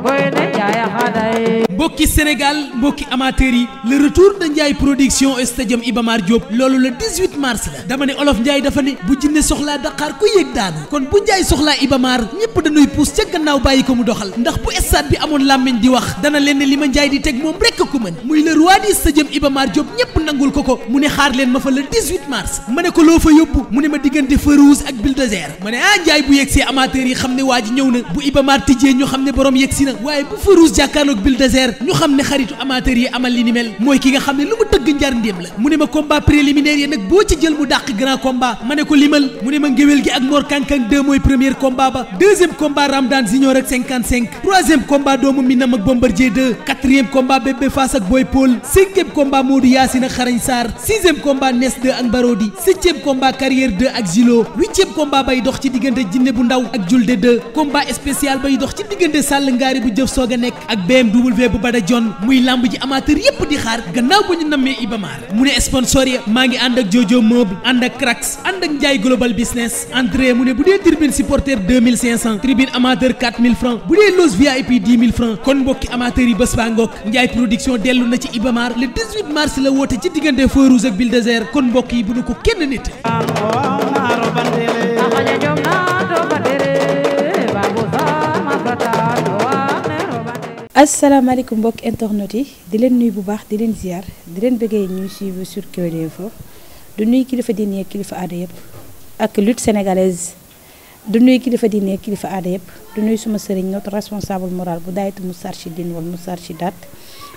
boy ne mbokki Sénégal mbokki amateurs yi le retour de Ndiaye production stadium Iba Mar Diop loolu le 18 mars la dama ne olof Ndiaye dafa ne bu jinne soxlaa Dakar ku yéeg daanu kon bu Ndiaye soxlaa Iba Mar ñëpp dañuy puus ca gannaaw bàyyi ko mu doxal ndax bu bi amoon làmmiñ di wax dana leen ne li ma Ndiaye di teg moom rekk ku mën muy le roi du stadium ñëpp nangul ko ko mu ne xaar leen ma fa le 18 mars ma ne ko loo fa yóbbu mu ne ma diggante feu rouge ak bulldozer ma ne ah Ndiaye bu yegg see amateurs yi xam ne waa ji ñëw na bu Iba Mar tijjee ñu xam ne borom yegg si na waaye bu feu rouge jàkkaarloog bulldozer ñu xam ne xaritu amateur yi amal li ni mel mooy ki nga xam ne lu mu tëgg njar ndéem la mu ne ma combat préliminaire yi nag boo ci jël mu dàq grand combat ma ne ko limal mu ne ma ngéwél gi ak Mor Kankang 2 mooy premier combat ba deuxième combat Ramdan Junior ak 55 troisième doomu Minam ak Bombardier 2 quatrième combat Bébé ak Boy Paul cinquième combat Modou Yacine ak Xarañ Sarr sixième combat ak Barodi septième combat Carrière ak Zilo huitième combat bay dox ci diggante Jinne bu ndaw ak Julde 2 dox ci diggante Sall Ngaari bu jëf soog a nekk ak Bada John muy lamb ji amateur yépp di xaar gannaaw ba ñu nammee Ibamaar mu ne sponsor ya maa ngi ànd ak Jojo Meuble ànd ak Crax ànd ak Njaay Global Business entrée mu ne bu dee tribune supporter tribune amateur francs bu dee loge VIP 10 000 francs kon mbokki amateur yi bés baa Njaay production dellu na ci Ibamaar mars la woote ci diggante Feu Rouge ak Bulldozer kon mbokk yi bu nu ko kenn nit asalaamaaleykum mbokk internet yi di leen nuyu bu baax di leen ziar di leen bëggee ñuy suivre sur Kewel Info du nuy kilifa diine kilifa aada yëpp ak lutte sénégalaise du nuy kilifa diine kilifa aada yëpp du nuy suma sëriñ notre responsable moral bu daayit Moustarchidine wala Moustarchidaat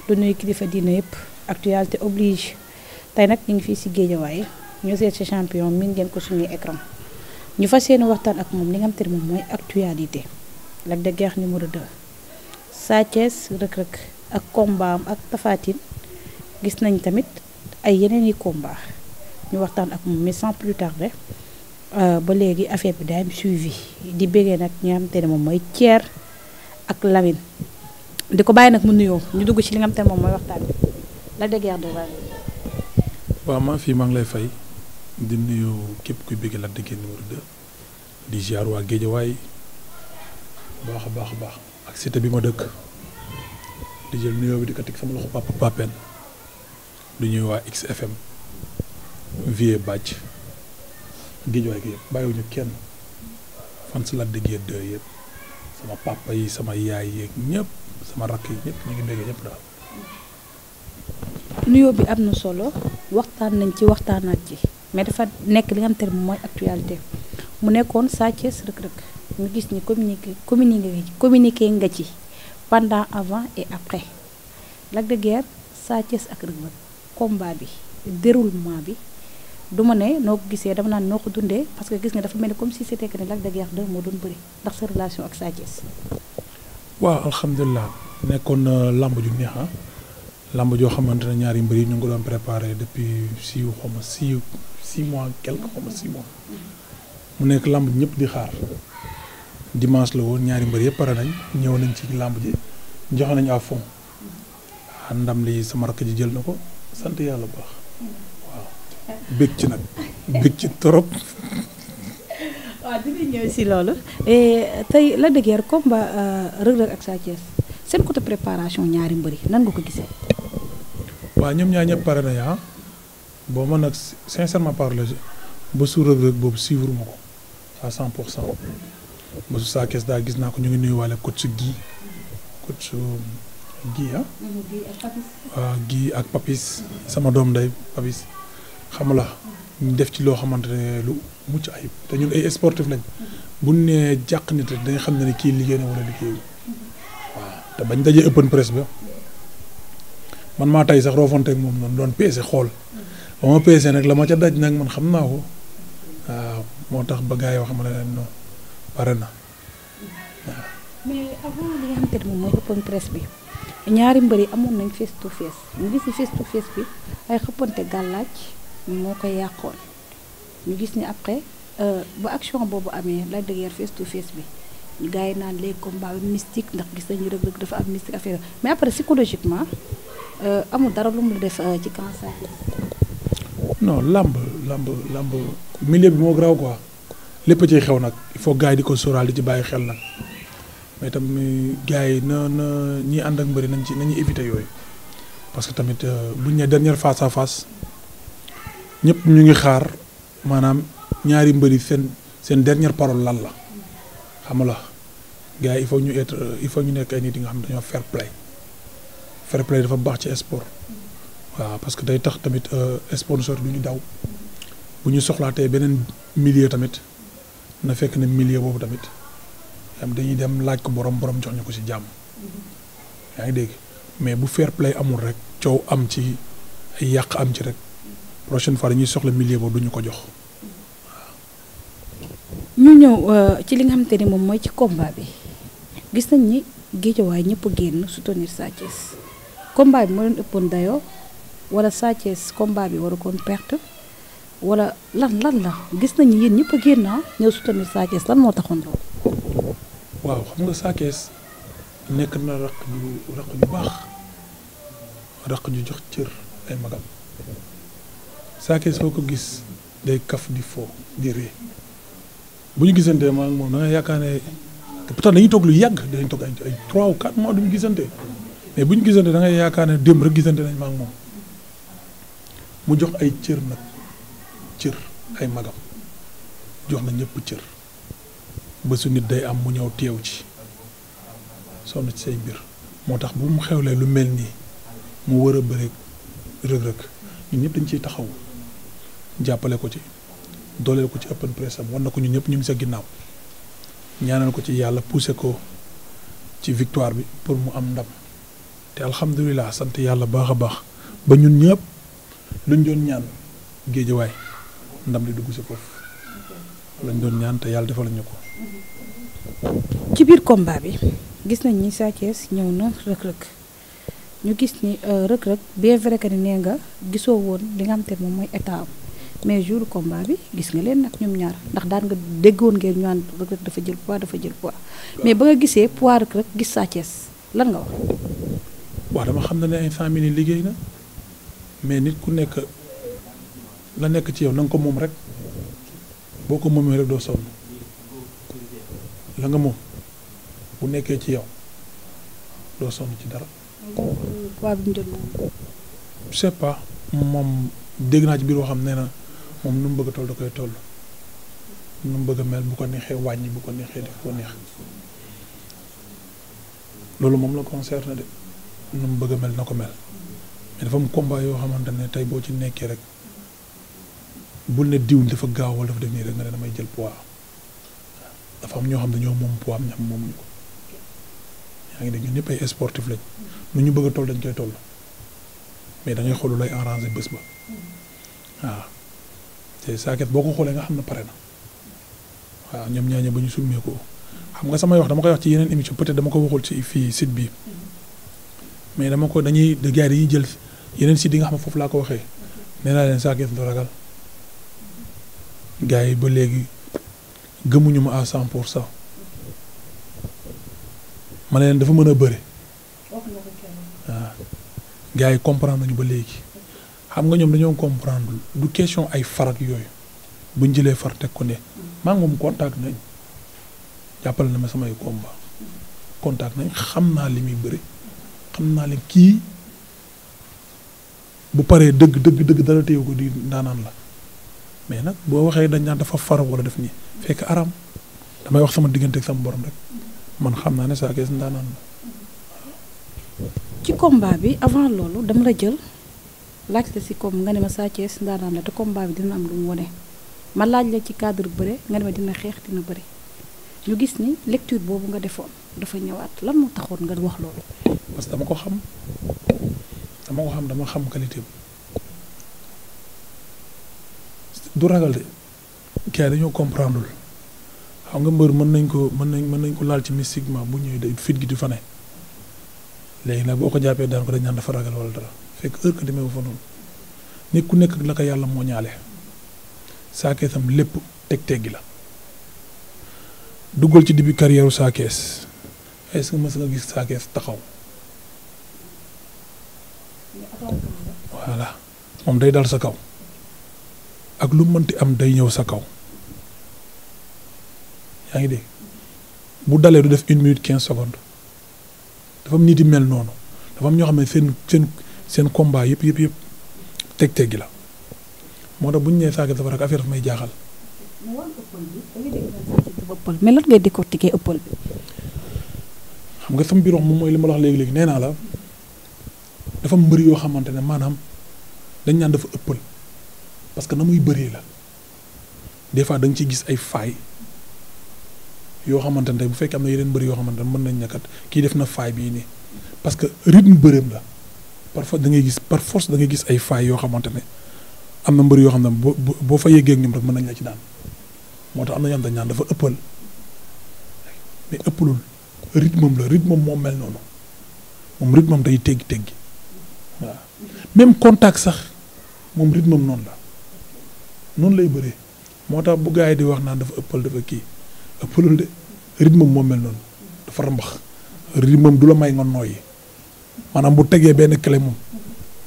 du nuy kilifa diine yëpp actualité oblige tey nag ñu ngi fii si Guédiawaye ñoo seet si champion miin ngeen ko suñuy écran ñu fas yéene waxtaan ak moom li nga xam te moom mooy actualité Lac de Guiers numéro 2. Sa Thiès Reug Reug ak combat ak Tapha gis nañ tamit ay yeneen yi combat ñu waxtaan ak moom mais sans plus tarder euh, ba léegi affaire bi daay am suivi di bëggee nag ñi nga xamante moom mooy Thier ak Lamine di ko bàyyi nag mu nuyoo ñu dugg ci li nga xamante ne moom mooy waxtaan bi la déguère de la maa fii maa ngi lay fay di nuyu képp kuy bëgg Lac de Guiers numéro 2 di ziar waa Géejawaay baax baax baax ak bi ma dëkk di jël nuyoo bi di ko teg sama loxo papa papen du ñuy waa XFM vie bàcc géejuwaay gi yëpp bàyyiwuñu kenn fan si la déggee yëpp sama papa yi sama yaay yeeg ñëpp sama rakk yi ñëpp ñu ngi béggee ñëpp daal nuyoo bi am na solo waxtaan nañ ci waxtaanaat ci mais dafa nekk li nga xam te ne mooy actualité mu nekkoon Sa Thiès Reug Reug ñu gis ni communiqué communiqué communiqué nga ci pendant avant et après Lac de Guiers Sa Thiès ak Reug combat bi déroulement bi duma ne noo ko gisee dama naan noo ko dundee parce que gis nga dafa mel ni comme si c'était que ne Lac moo doon bëri ndax sa relation ak Sa Thiès. waaw alhamdulilah nekkoon na làmb ju neex a ah. làmb joo xamante ne ñaari mbër yi ñu ngi ko doon préparé depuis six xaw ma six mois quelque xaw ma mu nekk làmb ñëpp di xaar. dimanche la woon ñaari mbër yëpp pare nañ ñëw nañ ci làmb ji joxe nañ à fond ah, ndam li sama rakk ji jël na ko sant yàlla bu baax waaw bég ci nag bég ci trop. waaw dinañ ñëw si loolu tey la dëgër combat euh, Reug Reug ak Sa Thiès seen côté préparation ñaari mbër yi nan nga ko gisee. waaw ñoom ñaar ñëpp pare nañ ah boo mën nag sincèrement parler ba suur Reug Reug boobu suivre ma ko à 100 pour cent. bésu saa kees daal gis naa ko ñu ngi nuyuwaale coach gi coach um, gi ah. waaw ah, gi ak papis sama doom day papis xam la ñu def ci loo xamante ne lu mucc ayib te ñun ay sportif lañ bu nee jàq nit rek dañ xam ne ni kii liggéey na wala liggéey waaw te bañ dajee open press ba man maa tey sax roofanteeg moom noonu doon peese xool ba ma peese nag la ma ca daj nag man xam naa ko waaw moo tax ba gars yi wax ma ne leen noonu. pare na waaw. mais avant li nga xamante ne mooy open bi ñaari mbër yi amoon nañ face to face ñu gis ni face to face bi ay xëppante gàllaaj moo koy yàqoon ñu gis ni après euh, ba action boobu amee la dëgër face to face bi. gars yi naan léegi combat bi mystique ndax gis nañu Reug Reug dafa am mystique affaire mais après psychologiquement euh, amul dara lu mu def euh, ci cancer non làmb làmb làmb milieu bi moo graw quoi lépp ciy xew nag il faut gars yi di ko sóoraal di ci bàyyi xel nag mais tam gars yi na na ñiy ànd ak mbëri nañ ci nañuy éviter yooyu parce que tamit euh, buñ ne dernière face à ñëpp ñu ngi xaar maanaam ñaari mbëri seen seen dernière parole lan la xam la gars yi il ñu être il faut ñu nekk ay nit yi nga xam ne dañoo fair play fair play dafa baax ci sport waaw parce que day tax tamit euh, sponsor du ñu daw bu ñu soxlaatee beneen millier tamit. na fekk na milieu boobu tamit dañuy dem laaj ko boroom boroom jox ñu ko ci jàmm. Mm-hmm. yaa ngi dégg mais bu fair play amul rek coow am ci yàq am ci rek prochaine fois dañuy soxla milieu boobu duñu ko jox. ñu ñëw euh, ci li nga xamante ni moom mooy ci combat bi gis nañ ni géejawaay ñëpp génn soutenir Sa Thiès combat bi moo leen ëppoon dayo wala Sa Thiès combat bi waru koon perte. wala lan lan la gis nañu yéen ñëpp a génn ah? ñëw soutenir Sa Thiès lan moo taxoon loolu. waaw xam nga Sa nekk na raq ju raq ju baax raq ju jox cër ay magam Sa Thiès soo ko gis day kaf di fo di ree bu ñu gisantee maanaam moom da yaakaar ne te pourtant dañuy yàgg dañuy toog ay ay 3 ou 4 mois du gisante bu ñu gisante da ngay yaakaar ne démb rek gisante nañ maanaam moom mu jox ay cër nag. cër ay magam jox na ñëpp cër ba su nit day am mu ñëw teew ci sonn ci say mbir moo tax bu mu xewlee lu mel nii mu war a bëri rëg-rëg ñun ñëpp dañ ciy taxaw jàppale ko ci dooleel ko ci open press am war na ko ñun ñëpp ñu ngi sa ginnaaw ñaanal ko ci yàlla pousser ko ci victoire bi pour mu am ndam te alhamdulilah sant yàlla baax a baax ba ñun ñëpp luñ doon ñaan géejawaay ndam di dugg si foofu lañ doon ñaan te yàlla defal ñu ko. ci biir combat bi gis nañ ni Sa Thiès ñëw na Reug Reug ñu gis ni euh, Reug Reug bien vrai que ni nee nga gisoo woon li nga xam te moom mooy état am mais jour combat bi gis nga leen nag ñoom ñaar ndax daan nga déggoon ngeen ñu naan Reug dafa jël poids dafa jël poids mais ba nga gisee pois Reug Reug gis Sa lan nga wax. waaw dama xam ne ne instant liggéey na mais nit ku nekk. la nekk ci yow na ko moom rek boo ko moomee rek doo sonn la nga moom bu nekkee ci yow doo sonn ci dara. je sais pas moom dégg naa ci biir waxam nee na moom lu mu bëgg a toll da koy toll nu mu bëgg a mel bu ko neexee wàññi bu ko neexee def ko neex loolu moom la concerne de nu mu bëgg mel na ko mel mais dafa am combat yoo xamante ne tey boo ci nekkee rek. bul ne diw dafa gaaw wala dafa def nii rek nga ne damay jël pois dafa am ñoo xam dañoo moom poids am ñam moom ñu ko yaa ngi dégg ñëpp ay sportif lañ nu ñu bëgg a dañ koy toll mais da ngay xool lay arrangé bés ba te saaket boo ko nga xam ne pare na waaw ñoom ñaañe ba ñu summee ko xam nga samay wax dama koy wax ci yeneen émission peut-être dama ko waxul ci fii site bi mais dama ko dañuy gars yi dañuy jël yeneen site yi nga xam ne foofu laa ko waxee nee naa leen saaket du ragal. gars yi ba léegi gëmuñu ma à cent pour cent ma ne leen dafa mën a bëre waaw gars yi comprendre nañu ba léegi xam nga ñoom dañoo comprendre du question ay farat yooyu buñ jëlee far teg ko ne mm. maa ngi contact nañ jàppale na ma samay combat contact nañ xam naa li muy bëri xam naa leen kii bu paree dëgg dëgg dëgg dara téye ko di daanaan la mais nag boo waxee dañ naan dafa faram wala def nii fekk araam damay wax sama diggante ak sama boroom rek man xam naa ne Sa Thiès ndaanaan la bi avant loolu dama la jël laaj la si nga ne ma Sa Thiès ndaanaan la te combat bi dina am lu mu wone ma laaj la ci cadre bëre nga ne ma dina xeex dina bëre ñu gis ni lecture boobu nga defoon dafa ñëwaat lan moo taxoon nga wax loolu. parce que dama ko xam dama ko xam dama xam qualité bi du ragal de gars dañoo comprendre xam nga mbër mën nañ ko mën nañ mën nañ ko laal ci mystiquement bu ñëwee day fit gi di fane léegi nag boo ko jàppee daan ko dañ naan dafa ragal wala dara fekk heure que demee fa noonu nit ku nekk la ko yàlla moo ñaale Sa lépp teg teggi la duggal ci début carrière u Sa Thiès gis Sa taxaw voilà moom day dal sa kaw ak lu mënti am day ñëw sa kaw yaa ngi de bu dalee du def une minute quinze secondes dafa am nit yi mel noonu dafa am ñoo xam ne seen seen seen combat yëpp yëpp yëpp teg-teg la moo tax bu ñu nee Sa Thiès dafa rek affaire may jaaxal. mais lan ngay décortiquer ëppal xam nga sama biir moom mooy li ma la wax léegi-léegi nee naa la dafa mbëri yoo xamante ne maanaam dañ naan dafa ëppal. parce que na muy bëree la des fois da nga ci gis ay faay yoo xamante ne tey bu fekkee am na yeneen bëri yoo xamante ne mën nañ ne kii def na faay bii nii parce que rythme bëreem la parfois da ngay gis par force da ngay gis ay faay yoo xamante ne am na mbëri yoo xam ne boo boo fa yeggee ñoom rek mën nañ la ci daan moo tax am na ñoo xam dañ naan dafa ëppal mais ëppalul rythme am la rythme am moo mel noonu moom rythme am day teggi teggi waaw même contact sax moom rythme am noonu la. noonu lay bëree moo tax bu gaa yi di wax naan dafa ëppal dafa kii ëppalul de rythme moo mel noonu dafa rambax rythme du la may nga nooyi maanaam bu tegee benn clé moom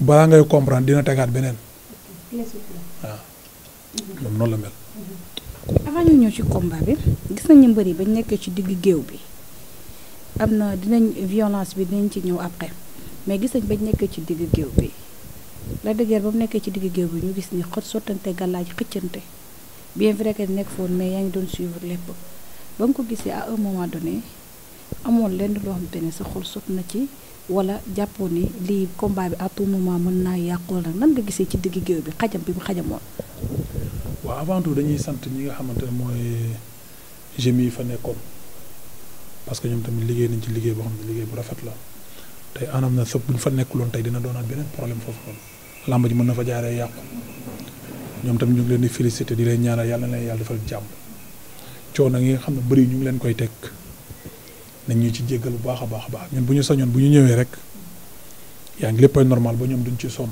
balaa ngay comprendre dina tegaat beneen waaw moom noonu la mel. avant ñu ñëw ci combat bi gis nañu mbër yi bañ nekkee ci digg géew bi am na dinañ violence bi dinañ ci ñëw après mais gis nañ bañ nekkee ci digg géew bi. Lac de ba mu nekkee ci digg géew bi ñu gis ni xot sottante gàllaaj xëccante bien vrai que nekk foon mais yaa ngi doon suivre lépp ba nga ko gisee à un moment amoon lenn loo xamante ne sa xol sot na ci wala jàppoon ni lii combat bi à tout moment mën naa yàqoo nag nan nga gisee ci digg géew bi xajam bi mu xajamoon. waaw avant tout dañuy sant ñi nga xamante ne mooy gémi fa nekkoon parce que ñoom tamit liggéey nañ ci liggéey boo xam ne liggéey bu rafet la tey anam na sëb bu ñu fa nekkuloon tey dina doonaat foofu noonu. làmb ji mën na fa jaaree yàqu ñoom tamit ñu ngi leen di félicité di leen ñaanal yàlla na leen yàlla defal jàmm nag yi nga xam ne bëri ñu ngi leen koy teg nañ ñu ci jéggal bu baax a baax a baax ñun bu ñu sañoon bu ñu ñëwee rek yaa ngi léppay normal ba ñoom duñ ci sonn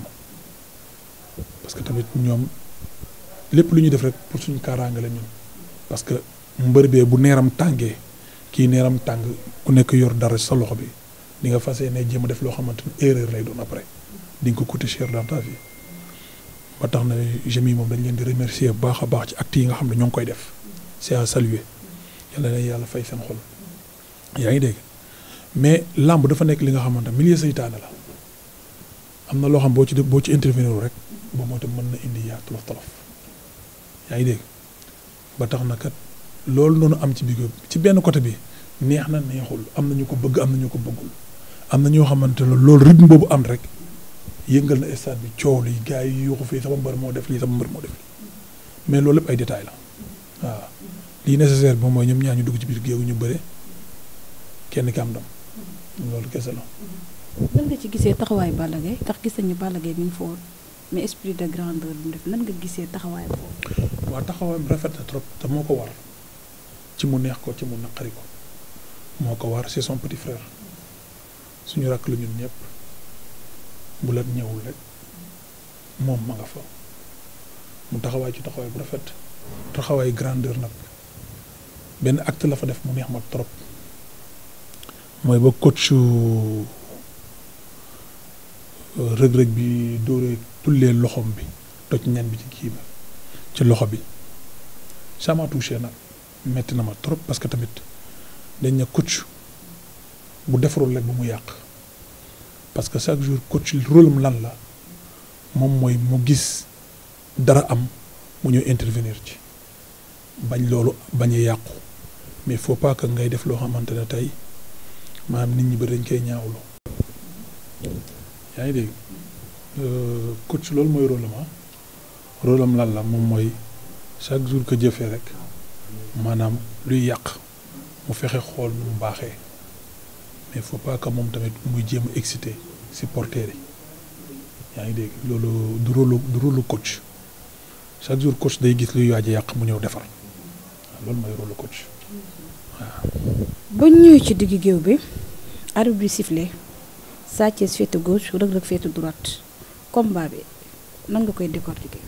parce que tamit ñoom lépp lu ñu def rek pour suñu kaaraange la ñun parce que mbër bee bu neeram tàngee kii neeram tàng ku nekk yor dara sa loxo bi di nga fas yéene jéem a def loo xamante ni erreur lay doon après. dañ ko coûté cher dans ta vie ba tax na jeunes yi moom dañ leen di remercier bu baax a baax ci actes yi nga xam ne ñoo koy def c'est à saluer yàlla na yàlla fay seen xol yaa ngi dégg mais làmb dafa nekk li nga xamante milieu seytaane la am na loo xam boo ci boo ci intervenir rek ba moo te mën na indi yaa tolof tolof ngi dégg ba tax na kat loolu noonu am ci biir ci benn côté bi neex na neexul am na ñu ko bëgg am na ñu ko bëggul am na ñoo xamante ne loolu rythme boobu am rek. yëngal na stade bi coow li gars yi yuuxu fii sama mbër moo def lii sama mbër moo def lii mais loolu lépp ay détails la waaw lii nécessaire bi moom mooy ñoom ñaar ñu dugg ci biir géew ñu bëre kenn ki am ndam loolu kese la. nan nga ci gisee taxawaayu Balla Gaye ndax gis nañu Balla Gaye bi ñu fa woon mais esprit de grandeur bi mu def nan nga gisee taxawaay boobu. waaw taxawaayam rafet na trop te moo ko war ci mu neex ko ci mu naqari ko moo ko war c'est son petit frère suñu rakk la ñun ñëpp. bu lat ñëwul rek moom ma nga fa mu taxawaay ci taxawaay bu rafet taxawaay grandeur nag benn acte la fa def mu neex ma trop mooy ba coachu euh, rëg-rëg bi dóoree tullee loxom bi toj ñan bi ci kii ba ci loxo bi ça m'a touché nag metti na ma trop parce que tamit dañ ne coach bu defarul rek bu mu yàq parce que chaque jour coach rôle lan la moom mooy mu gis dara am mu ñëw intervenir ci bañ loolu bañ yàqu mais faut pas que ngay def loo xamante ne tey maanaam nit ñi ba dañ koy ñaawlu. yaa ngi dégg euh, coach loolu mooy ah. rôle am lan la moom mooy chaque jour que jëfee rek maanaam luy yàq mu fexe xool nu mu baaxee. mais faut pas moom tamit muy jéem a excité supporter yi yaa ngi dégg loolu du rôle du rôle coach chaque jour coach day gis luy waaj yàq mu ñëw defar loolu mooy rôle coach waaw. ba ñëwee ci diggu géew bi arbitre bi sifflé Sa Thiès féete gauche Reug Reug féete droite combat bi nan nga koy décortiquer.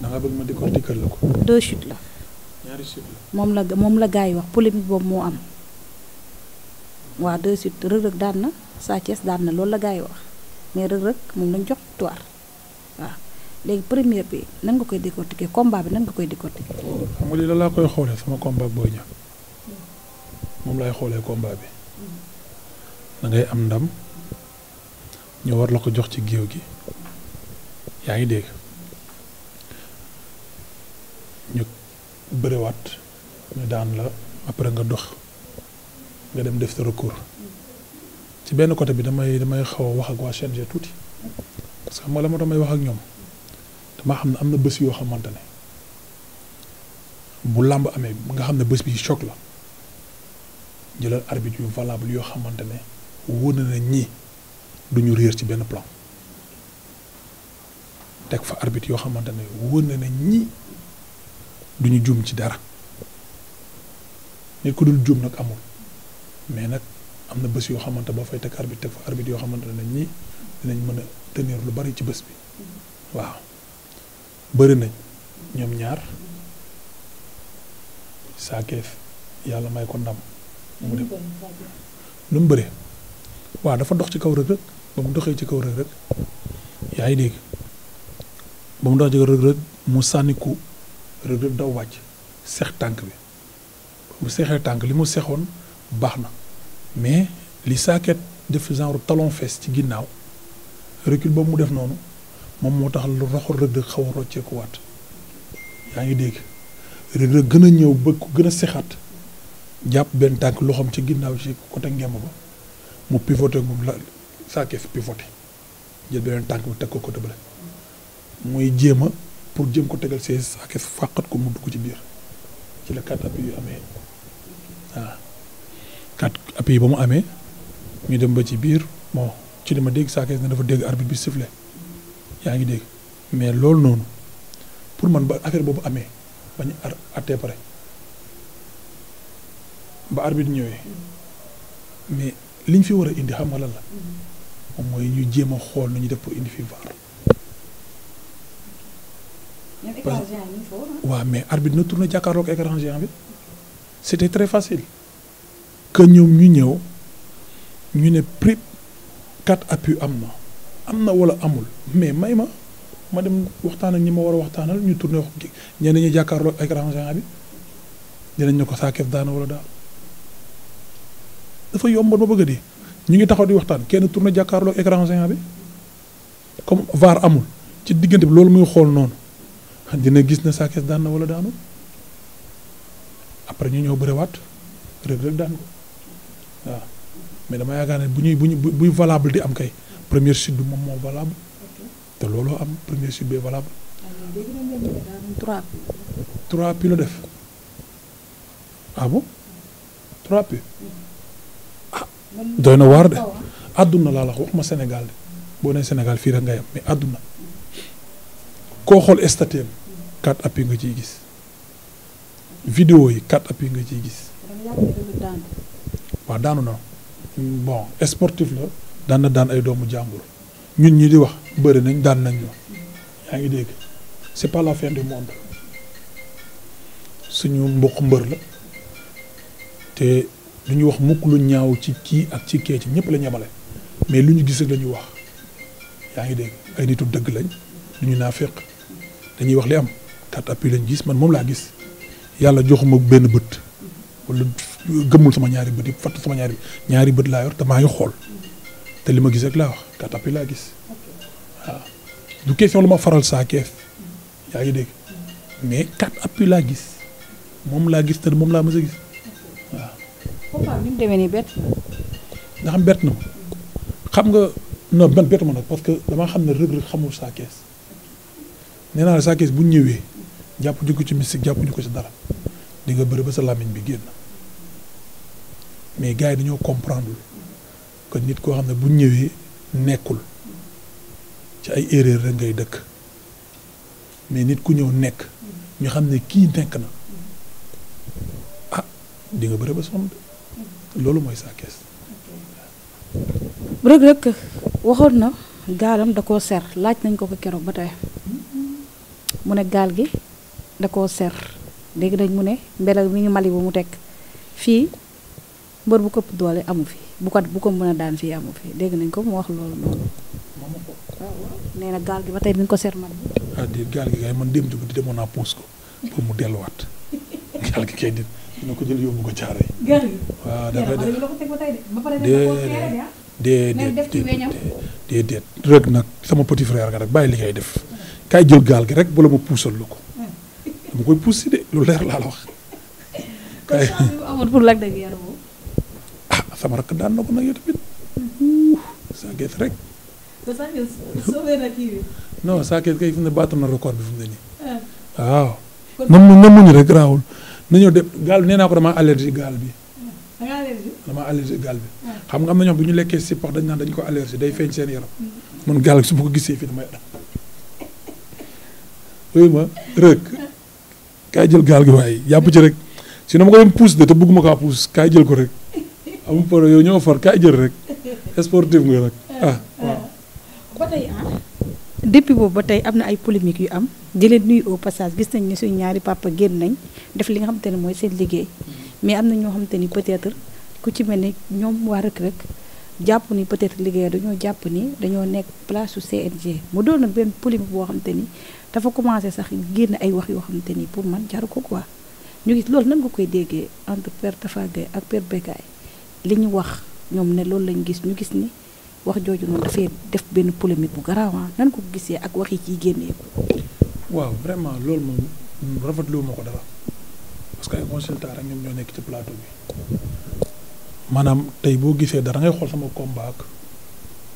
da nga bëgg ma décortiquer la ko. deux la. moom la moom la gars yi wax polémique boobu moo am. waa de suite rëg-rëg daan na Sa Thiès daan na loolu la gars yi wax mais rëg-rëg moom lañ jox victoire waaw léegi première bi nan nga koy décortiquer combat bi nan nga koy décortiquer. xam nga lii la laa koy xoolee sama komba booy ña moom laay xoolee komba bi da ngay am ndam ñu war la ko jox ci géew gi yaa ngi dégg ñu bëriwaat ñu daan la après nga dox. nga dem def sa recours ci benn côté bi damay damay xaw a wax ak waa CNG tuuti parce que xam nga la ma wax ak ñoom dama xam ne am na bés yoo xamante ne bu làmb amee nga xam ne bës bi choc la jëlal arbitre yu valable yoo xamante ne wóor na ñii du ñu réer ci benn plan teg fa arbitre yoo xamante ne wóor na ñii du ñu juum ci dara nit ku dul juum nag amul. mais nag am na bés yoo xamante boo fay teg arbitre teg fa arbitre yoo xamante ne ñii dinañ mën a tenir lu bari ci bés bi waaw bëri nañ ñoom ñaar saakeef yàlla may ko ndam mu dem lu mu bëree waaw dafa dox ci kaw rëg rëg ba mu doxee ci kaw rëg rëg yaa ngi dégg ba mu dox ci rëg rëg mu sànniku rëg rëg daw wàcc seex tànk bi bu seexee tànk li mu seexoon baax na mais li saaket def genre talon fesse ci ginnaaw recul ba mu def noonu moom moo tax lu roxul Reug Reug xaw a rocceeku waat yaa ngi dégg Reug gën a ñëw bëgg ko gën a sexaat jàpp benn tànk loxoom ci ginnaaw ci côté ngemb ba mu pivoté moom la saakee fi pivoté jël beneen tànk bi teg ko côté bële mooy jéem a pour jëm ko tegal see saakee fàqat ko mu dugg ci biir ci la quatre appuis yu amee waaw quatre ba mu amee ñu dem ba ci biir moo ci li ma dégg Sa Thiès ne dafa dégg arbitre bi sifflé yaa ngi dégg mais loolu noonu pour man ba affaire boobu amee ba ñu ar attee pare ba arbitre ñëwee mais liñ fi war a indi xam nga la moom mooy ñu jéem xool nu ñu def pour indi fi VAR. parce waaw mais arbitre na tourné jàkkaarloog jàkkaarook géant bi c'était très facile. que ñëw ñu ñëw ñu ne prix quatre appui am na am na wala amul mais may ma ma dem waxtaan ak ñi ma war a waxtaanal ñu tourné wax ñenn ñi jàkkaarloo ak écran géant bi dinañ ne ko saa keef wala daal dafa yomboon ba ñu ngi taxaw di waxtaan kenn tourné jàkkaarloo ak écran bi comme vaar amul ci diggante bi loolu muy xool noonu dina gis ne saa daan na wala daanu après ñu ñëw bëriwaat rek rek daan ko. waaw mais dama yaakaar ne bu ñuy bu buy valable di am kay première sud bi moom moo valable te looloo am première sud bi valable. trois pu def ah bon trois pu hmm. ah, ah doy na waar de ah. àdduna laa la wax ma Sénégal de boo nee Sénégal fii rek ngay am mais àdduna koo xool statut hmm. quatre appui nga ciy gis vidéo yi quatre appui nga ciy gis. waaw daanu na bon sportif la daan na daan ay doomu jàmbur ñun ñi di wax bëri nañ daan nañ ñu yaa ngi dégg c'est pas la fin du monde suñu mbokk mbër la te lu ñu wax mukk lu ñaaw ci kii ak ci kee ci ñëpp la ñebale mais lu ñu gis rek la ñuy wax yaa ngi dégg ay nitu dëgg lañ lu ñu naa féq dañuy wax li am quatre appuis lañ gis man moom laa gis yàlla joxuma benn bët gëmmul sama ñaari bët yi fatt sama ñaari ñaari bët laa yor te maa ngi xool te li ma gis rek laa wax katapi laa gis waaw du question lu ma faral saa keef yaa ngi dégg mais quatre appui laa gis moom laa gis te moom laa mës a bett. nga xam bett na ma xam nga non man bettu ma nag parce que damaa xam ne rëg-rëg xamul saa kees nee naa saa kees bu ñëwee jàpp ju ko ci mystique jàpp ju ko ci dara di nga bëri ba sa làmmiñ bi génn. mais gars yi dañoo comprendre que nit koo xam ne bu ñëwee nekkul ci ay erreur rek ngay dëkk mais nit ku ñëw nekk ñu xam ne kii nekk na ah di nga bëre ba sonn loolu mooy Sa Thiès. Reug waxoon na gaalam da koo ser laaj nañ ko ko keroog ba tey mu ne gaal gi da koo ser léegi nag mu ne mbelal mi ngi mali bu mu tekk fii. mbër bu këpp doole amu fi bu ko bu ko mën a daan fii amu fi dégg nañ ko mu wax loolu noonu. Ah, waaw nee na gaal gi ba tey bi nga ko seet man. ah déet gaal gi kay man démb bi di demoon naa puus ko pour mu delluwaat gaal gi kay di dina ko jël yóbbu ko caare. gaal gi waaw dafay def déedéet ah? déedéet déedéet rek nag sama petit frère nga rek bàyyi li ngay def kaay jël gaal gi rek bu la ma puusal lu ko hmm. dama koy puus si de lu leer laa la wax. kaay pour sama rakk daan na ko nag yow tamit saakees rek. ba saakees soobee na kay fi ne baatu na record bi fi mu ne nii. Ah. waaw. nam nam muñu rek raawul na ñëw dem gaal nee naa ko damaa allergie gaal bi. Ah, ah. xam nga am na ñoom bu ñu lekkee si pax dañ naan dañ ko allergie day feeñ seen yaram. Mm. man gaal gi su ma ko gisee fii damay am. oui ma gaal gi waaye yàpp ci rek si na ma ko doon kaa pousse kaay jël ko rek. amul problème yow ñoo far kaay jël rek sportif nga nag ah, ah, ah. ah boobu ba tey am na ay polémique yu am di leen nuy au passage gis nañ ne suñu ñaari papa génn nañ def li nga xamante ne mooy seen liggéey mm-hmm. mais am na ñoo xamante ni peut ku ci mel ni ñoom waa rek rek jàpp ni peut-être liggéey dañoo jàpp ni dañoo nekk place su CNG mu doon na benn polémique boo xamante ni dafa commencé sax génn ay wax yoo xamante ni pour man jaru ko quoi ñu gis loolu nan nga koy déggee entre Père Tafa ak Père Bécaye li ñu wax ñoom ne loolu lañ gis ñu gis ni wax jooju noonu dafay def benn polémique bu garaaw ah nan ko gisee ak wax yi ciy génneeku. waaw vraiment loolu moom rafetlu ma ko dara parce que ay consultants rek ñoom ñoo nekk ci plateau bi maanaam tey boo gisee dara ngay xool sama combat ak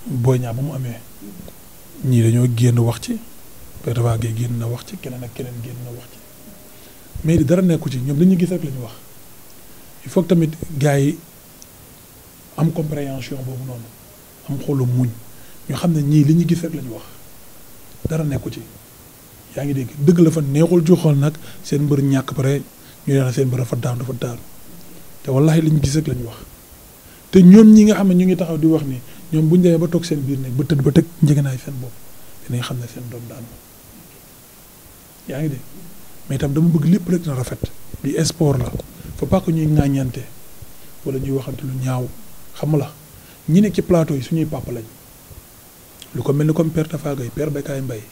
Boy Niang ba mu amee ñii dañoo génn wax ci Père Vague génn na wax ci keneen ak keneen génn na wax ci mais di dara nekku ci ñoom dañuy gis rek la ñu wax il faut tamit gars yi am compréhension boobu noonu am xolu muñ ñoo xam ne ñii li ñu gis rek la wax dara nekku ci yaa ngi dégg dëgg la fa neexul ci xool nag seen mbër ñàkk pare seen mbër dafa daanu dafa daanu te wallahi li ñu gis rek wax te ñoom ñi nga xam ne ñu ngi taxaw di wax ni ñoom bu ñu demee ba toog seen biir nekk ba tëdd ba teg njëgënaay seen bopp dinañ xam ne seen doom daanu yaa ngi dégg mais itam dama bëgg lépp rek na rafet. di sport la faut pas que ñuy ŋàññante wala ñuy waxante lu ñaaw. xam la ñi nekk ci plateau yi suñuy papa lañ lu ko mel ni comme père Tafa Gueye père Bekaay Mbaye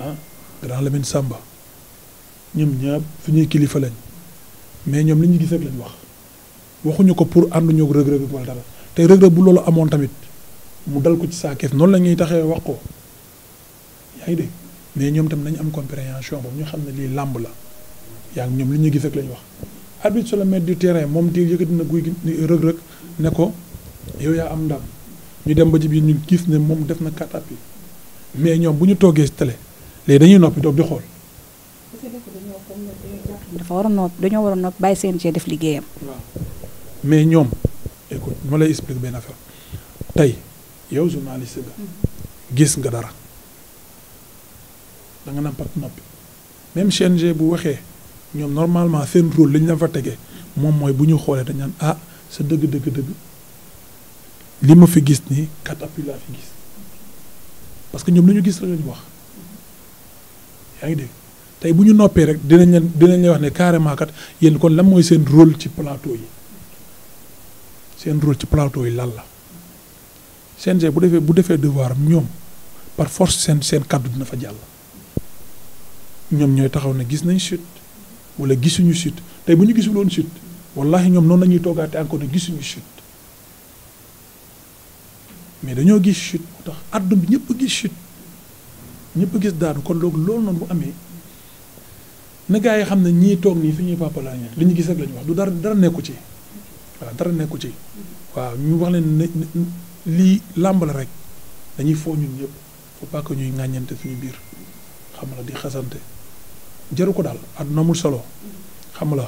ah grand Lamine Samba ñoom ñaar ñuy kilifa lañ mais ñoom li ñu gis ak lañ wax waxuñu ko pour ànduñu Reug Reug wala dara te Reug bu loolu amoon tamit mu dal ko ci saa noonu la ñuy taxee wax ko yaa ngi dégg ñoom tam nañ am compréhension boobu ñu xam ne lii làmb la yaa ngi li ñu gis ak lañ wax. arbitre sur le du terrain moom di yëkkati na guy gi Reug Reug ne ko. yow yaa am ndam ñu dem ba ci biir ñu gis ne moom def na quatre appuis mais ñoom bu ñu toogee tele télé dañuy noppi doog di xool. dafa war a nopp dañoo war a nopp bàyyi CNG def liggéeyam. waaw mais ñoom écoute ma lay explique tey yow journaliste nga mhm. gis nga dara danga nga naan pat noppi même CNG bu waxee ñoom normalement seen rôle li ñu la fa tegee moom mooy bu ñu xoolee dañu naan ah sa dëgg dëgg dëgg. li ma fi gis ni catapule laa fi gis parce que ñoom lu ñu gis rek wax yaa ngi dégg tey bu ñu noppee rek dinañ leen dinañ leen wax ne carrément kat yéen kon lan mooy seen rôle ci plateau yi seen rôle ci plateau yi lan la CNG bu defee bu defee devoir am ñoom par force seen seen kàddu dina fa jàll ñoom ñooy taxaw ne gis nañ chute wala gisuñu chute tey bu ñu gisuloon chute wallahi ñoom noonu la ñuy toogaate encore ne gisuñu chute mais dañoo gis chute tax àdduna bi ñëpp gis chute ñëpp gis daanu kon loolu loolu noonu bu amee na gaa yi xam ne ñii toog nii fi ñuy laa ñu li ñu gis rek la wax du dara dara nekku ci waaw dara nekku ci waaw ñu wax leen ne lii làmbal rek dañuy foo ñun ñëpp faut pas ñuy ŋàññante suñu biir xam la di xasante jaru ko daal àdduna amul solo xam la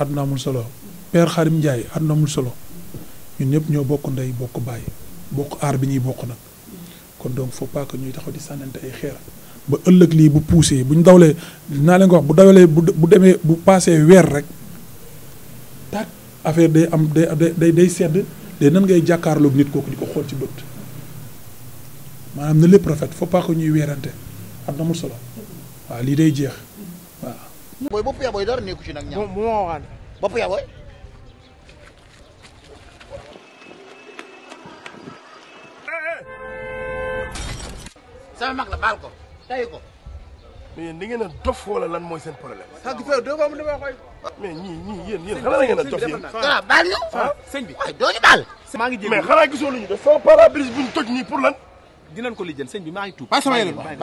àdduna mul solo Père Xarim Ndiaye àdduna mul solo ñun ñëpp ñoo bokk ndey bokk baay. bokk aar bi ñuy bokk nag kon donc faut pas ñuy taxaw di sànnante ay xeer ba ëllëg lii bu poussé bu ñu dawlee dinaa leen ko wax bu dawlee bu bu demee bu paasee weer rek taat affaire day am day day sedd day nan ngay jàkkaarloog nit kooku di ko xool ci bët maanaam na lépp rafet faut pas ñuy weerante am na mu solo waaw lii day jeex waaw. booy bopp yaa booy dara nekku ci nag ñaar. moom moo waxoon bopp yaa sama mag la baal ko tey ko. mais yéen da ngeen a dof wala lan mooy seen problème. ah gis nga doomu aadama dafay xoy. mais ñii ñii yéen yéen xanaa la ngeen a dof yéen. waaw baal ñu. Ah. ah sëñ bi waaye doo ñu baal. maa ngi jéem mais xanaa gisoo lu ñu def sama pare-brise bu ñu toj nii pour lan. dinañ ko lijjal sëñ bi maa ngi tuub. bàyyi sama yére bi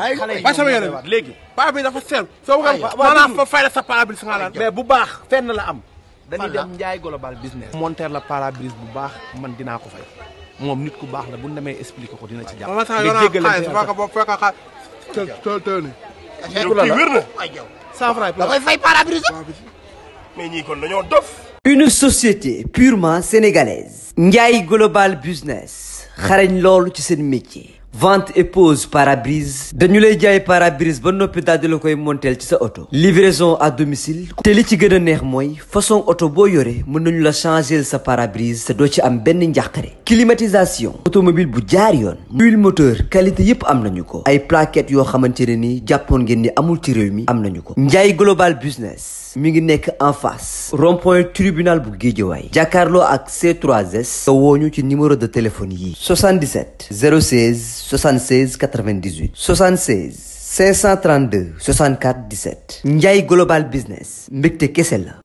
bàyyi sama yére bi léegi. paa bi dafa sell. soo ko maanaam fa fay la sa pare-brise nga naan. mais bu baax fenn la am. dañuy dem Njaay global business. monter la pare-brise bu baax man dinaa ko fay moom nit ku baax la bu ñu demee expliqué ko dina ci jàpp. nga jéggale seen xaalis boo fekk xaalis. teel teel ay jaw. mais ñii kon dañoo dof. une société purement sénégalaise. Ndiaye Global Business. xarañ loolu ci seen métier. vente et pose pare dañu lay jaay pare ba noppi daldi la koy monteel ci sa oto livraison à domicile te li ci gën a neex mooy façon oto boo yore mën nañu la changer sa parabrise se doo ci am benn njàqare climatisation automobile bu jaar yoon huile moteur qualité yépp am nañu ko ay plaquettes yoo xamante ne ni jàppoon ngeen ni amul ci réew mi am nañu ko Ndiaye global business mi ngi nekk en face rond-point tribunal bu Guédiawaye jàkkaarloo ak C3S wooñu ci numéro de téléphone yi 77 016 76 98 76 532 64 17 Ndiaye Global Business mbégte kese la